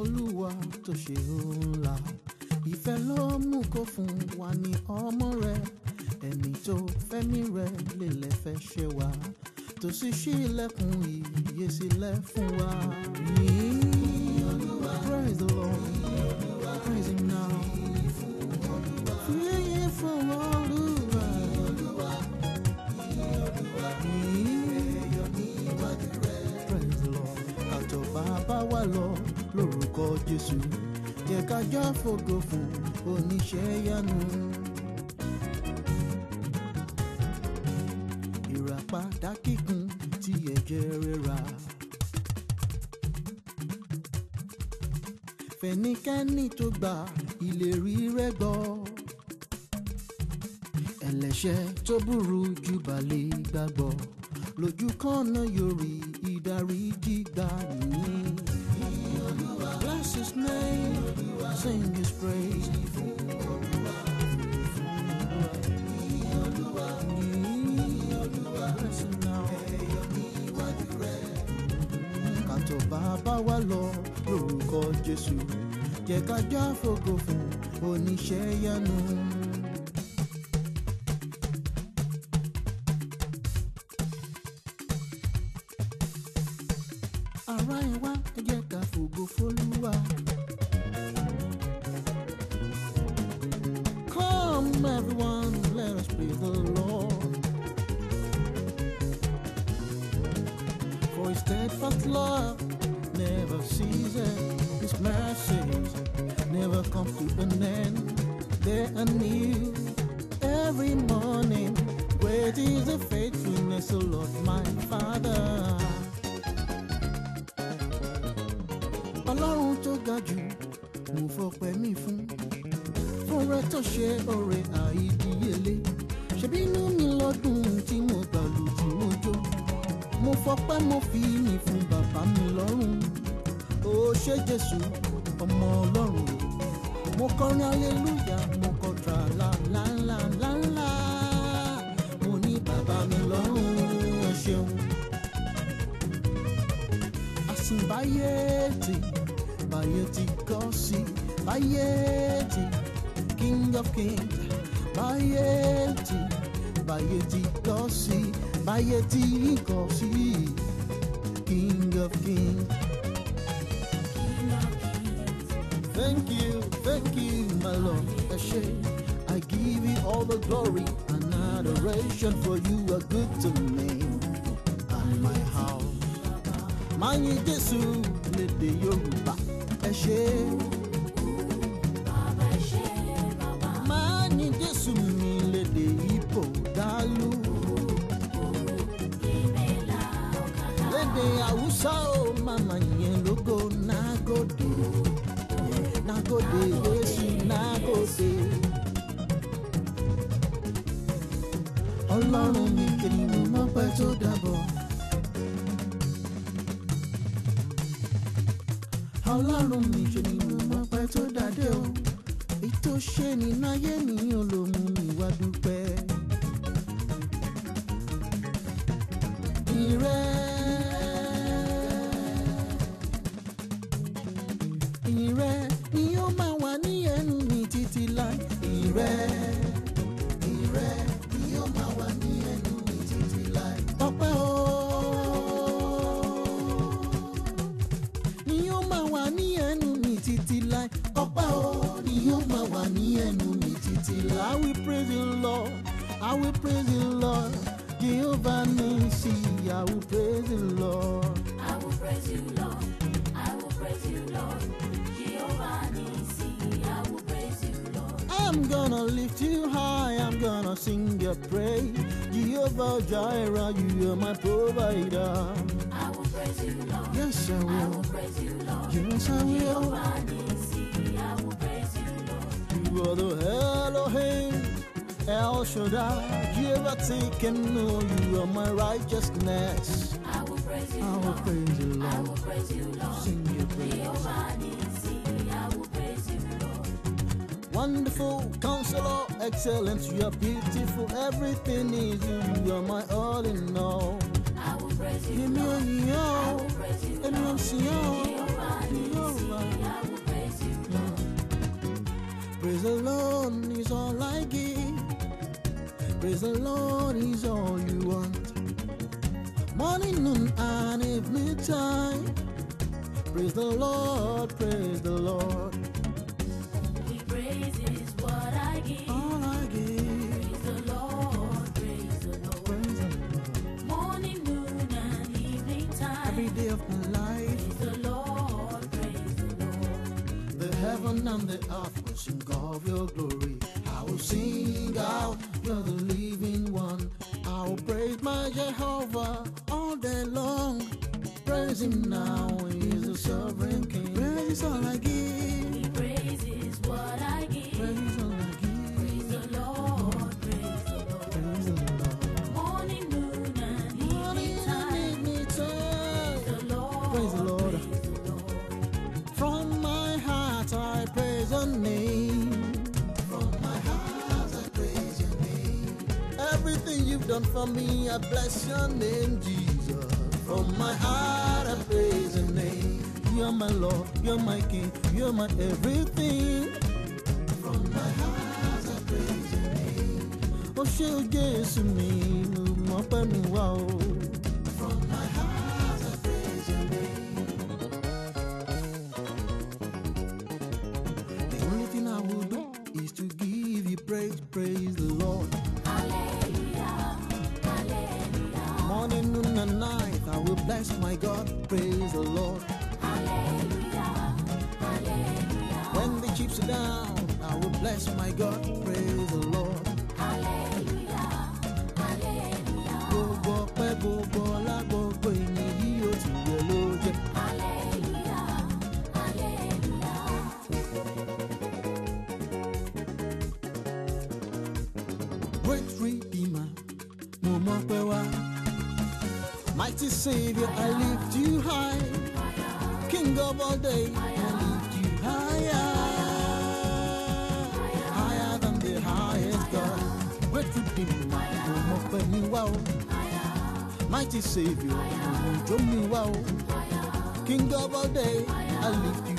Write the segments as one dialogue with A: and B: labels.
A: olúwa tó ṣe ńlá ìfẹ́ ló mú kó fún wa ní ọmọ rẹ ẹni tó fẹ́mi ilẹ̀kùn ìyè fún wa. yìí Praise the Lord. Praise Him now. Praying Praise the Lord. Àjọba bá wà lọ lórúkọ Jésù. Jẹ́ ká jọ fògo fún oníṣẹ́ yanu. Ìràpadà kíkún ti ẹ̀jẹ̀ rẹ̀ rà. fẹ́nikẹ́ni tó gba ìlérí rẹ̀ gbọ́ ẹlẹ́ṣẹ̀ tó burú jù balẹ̀ gbàgbọ́ lójú kan náà yóò rí nìyí. Bless his name, sing his praise. Bless him now. Kàtó bàbá wa lọ. jésù jẹ́ kájọ́ fògo fún oníṣẹ́ yanu. jẹ́ ká fògo fólúwa. Come everyone, let us praise the Lord. For his steadfast love never ceases. Come to an end. There anew every morning. Great is the faithfulness, O Lord, my Father. Ọlọ́run tó ga jù mo fọpẹ́ mi fún. Fúnra tó share ọrẹ àìdíyelé. Ṣebí inú mi lọ́dún tí mo gbà lójú ojó. Mo fọpẹ́ mo fi yìn fún bàbá mi lọ́rùn. Ó ṣé Jésù ọmọ Ọlọ́run mo kọrin aleluya mo la la la la la Moni ní bàbá mi lọ́rùn ẹ ṣeun. àsùnbáyé ti báyé ti king of kings bayeti, bayeti báyé bayeti gọ́ king of kings. Thank you. Thank you, my Lord, Ashe. I give you all the glory and adoration, for you are good to me and my house. Mayin Jesu lédè Yorùbá, ẹ ṣé. Mayin Jesu mi lédè Igbo dálú. Lédè Hausa ó oh, mama ma gòdè Jésù náà gòdè. Ọlọ́run mi kìí mú mọ́pẹ́ tó dàbọ̀. Ọlọ́run mi kìí mú mọ́pẹ́ tó dàdé o. Ètò ṣe ní náyé mi mi wá dúpẹ́. Ìrẹ́. will praise the Lord. Jehovah Nisi, I will praise the Lord. I will praise you, Lord. I will praise you, Lord. Jehovah Nisi, I will praise you, Lord. I'm gonna lift you high. I'm gonna sing your praise. Jehovah Jireh, you are my provider. I will praise you, Lord. Yes, I will. I will praise you, Lord. Yes, I will. Jehovah Nisi, I will praise you, Lord. You are the Elohim. How should I ever Shaddai, and know you are my righteousness. I will praise you, I will Lord. praise you, Lord. I will praise you, Lord. Sing your praise. I will praise you, Lord. Wonderful counselor, excellent, you are beautiful, everything is you, you are my all in all. I will praise you, Lord. I will praise you, Lord. I will praise you, Lord. Praise alone is all I give. Praise the Lord is all you want. Morning, noon, and evening time. Praise the Lord, praise the Lord. He praises what I give. All I give. Praise the Lord, praise the Lord. Praise the Lord. Morning, noon, and evening time. Every day of my life. Praise the Lord, praise the Lord. The heaven and the earth will sing of your glory. done for me, I bless your name, Jesus. From my heart, I praise your name. You're my Lord, you're my King, you're my everything. From my heart, I praise your name. Oh, ṣé Jesus me mi, more pẹ́ mi From my heart, I praise your name. The only thing I will do is to give you praise, praise. Christ my God, praise the Lord. Hallelujah, hallelujah. When the chips are down, I will bless my God, Savior, I lift you high. King of all day, I lift you higher. Higher than the highest God. Grateful Redeemer, you move me wow. Mighty Savior, you move me wow. King of all day, I lift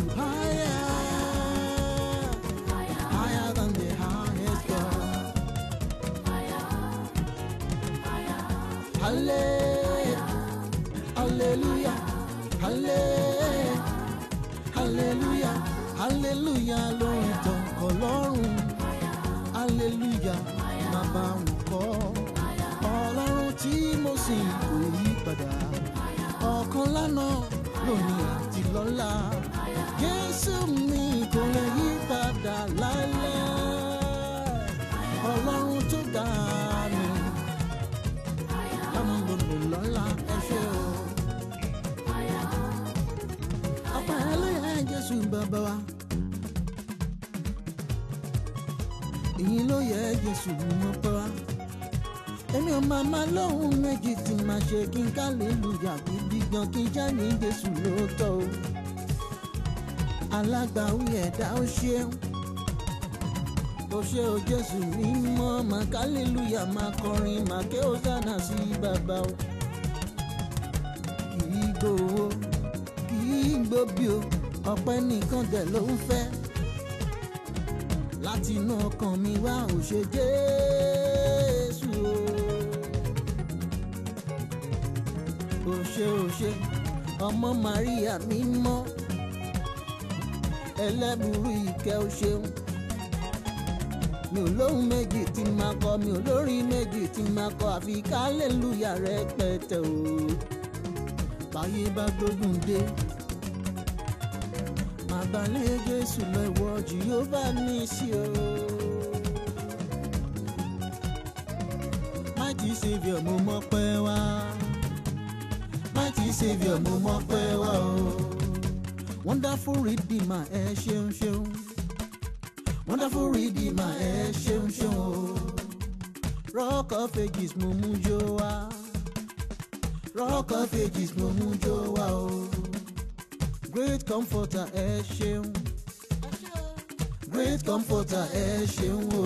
A: aleluya ló ń tàn kọ́ lọ́rùn aleluya bàbá ń kọ́ ọlọ́run tí mo sìn kò yí padà ọ̀kan lánàá lónìí àti lọ́la jésù mi kò lè yí padà láéláé ọlọ́run tó dá mi lámúlòlò lọ́la ẹ ṣé o. jésù wa. ìyìn ló yẹ jésù mọ́ pẹ́ wá. èmi ò máa máa lóhùn méjì tí màá ṣe kí n ká lè lùyà kí gbígbọ́n kí n já ní jésù lóòótọ́ o. alágbàwí ẹ̀dá ó ṣeun. ó ṣe o jésù mímọ́ màá ká lè lùyà máa kọrin màá ké ó dáná sí bàbá o. kì í gbowó kì í gbóbi o ọpẹ́ nìkan dẹ̀ ló ń fẹ́ látinú ọkàn mi wá ò ṣe Jésù ọmọ Maria mímọ́ ẹlẹ́bùrú ìkẹ́ o ṣeun mi ò lóhùn méjì tí máa kọ mi ò lórin méjì tí máa kọ àfi kálẹ̀lúyà rẹpẹtẹ o báyé bá gbógun dé àgbàlẹ̀ Jésù lọ ìwọ jù yóò bá ní í o. mighty saviour mo mọpẹ́ wá mighty saviour mo mọpẹ́ wá o. wonderful redeemer ẹ ṣeun ṣeun wonderful redeemer ẹ ṣeun ṣeun o. rock of ages mo mú jó wá rock of ages mo mú jó wá o great comforter ẹ ṣeun great comforter ẹ ṣeun o.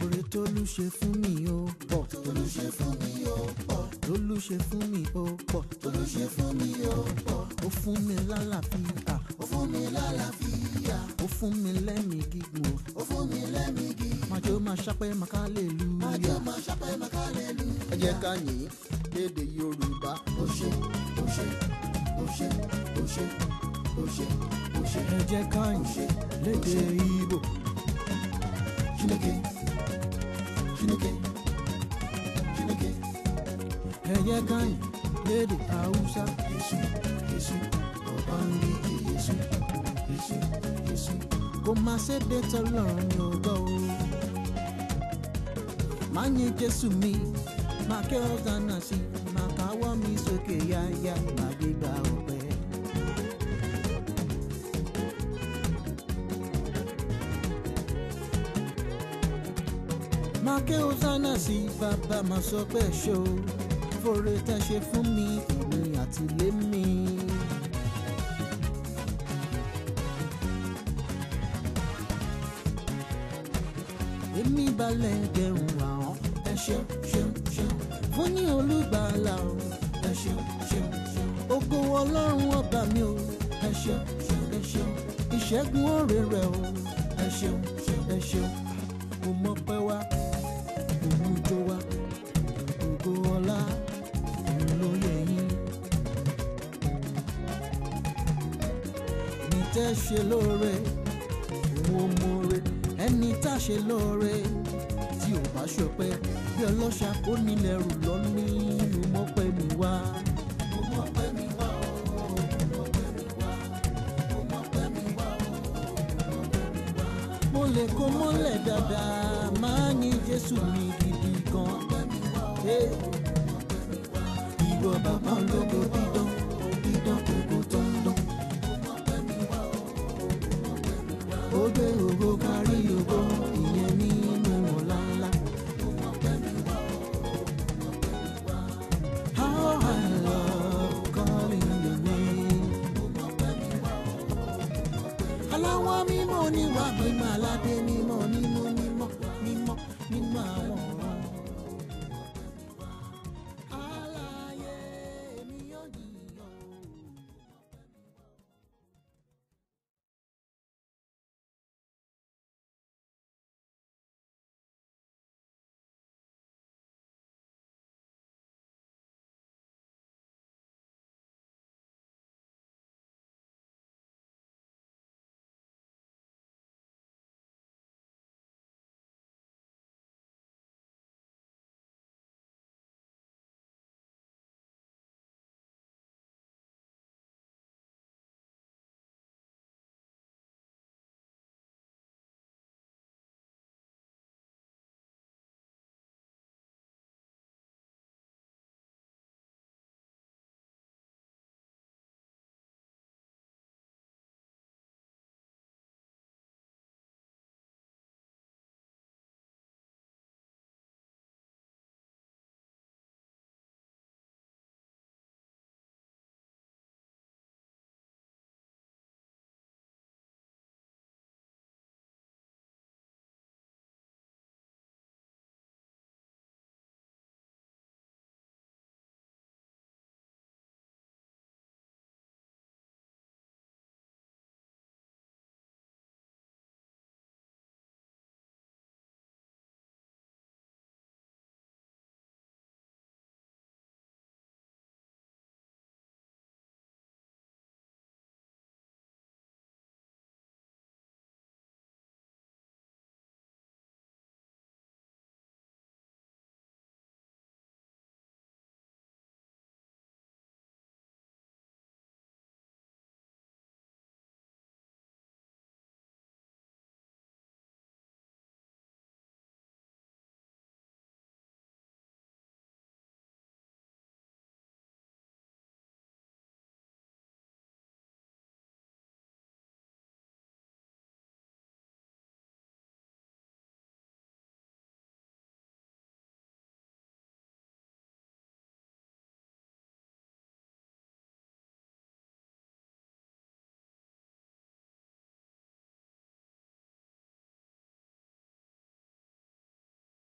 A: oore tólú ṣe fún mi ó pọ̀. tólú ṣe fún mi ó pọ̀. tólú ṣe fún mi ó pọ̀. tólú ṣe fún mi ó pọ̀. ó fún mi lálàáfíà. ó fún mi lálàáfíà ó fún mi lẹ́mìí gígùn ó fún mi lẹ́mìí gígùn màjọ máa ṣàpẹ́ màkàlélú màjọ máa ṣàpẹ́ màkàlélú. ẹ jẹ́ ká yìn lédè Yorùbá ó ṣe ó ṣe ó ṣe ó ṣe ó ṣe ó ṣe. ẹ jẹ́ ká yìn lédè Ìgbò. Chineke Chineke Chineke. ẹ jẹ́ ká yìn lédè Haúsá. Jésù Jésù ọba ń bí Jésù Jésù jésù kó má ṣe dé tọlọ́run ò gbọ́ o. má yin jésù mi máa kẹ́ ọ̀gá náà sí máa káwọ́ mi sókè yáyá máa gbégbá ọpẹ́. máa kẹ́ ọ̀gá náà sí bàbá máa sọ pé ṣó fòrè tẹ́ ṣe fún mi èmi àtìlẹ́mìí. èmi balẹ̀ dẹ̀rùn àwọn ẹ ṣeun ṣeun ṣeun fún ní olùgbàlà o ẹ ṣeun ṣeun ṣeun ògo ọlọ́run ọba mi o ẹ ṣeun ṣeun ẹ ṣeun ìṣẹ́gun ọ̀rẹ́ rẹ o ẹ ṣeun ṣeun ẹ ṣeun kò mọ pẹ́ wá òun jó wá ògo ọlá òun ló yẹ yín. mi tẹ́ ṣe lóore òun ò mọ̀ọ́rẹ́ ẹni tá a ṣe lóore tí ò bá ṣọpẹ́ bí ọlọ́ṣà kò nílẹ̀ rù lọ nínú mọ́pẹ́ mi wá. mo mọ́pẹ́ mi wá o. mo lè kó mọ́lẹ̀ dáadáa máa yin Jésù mi gidi gan. ìwọ bàbá ológo dídán dídán kòkó tó ń dán. ó gbé ògo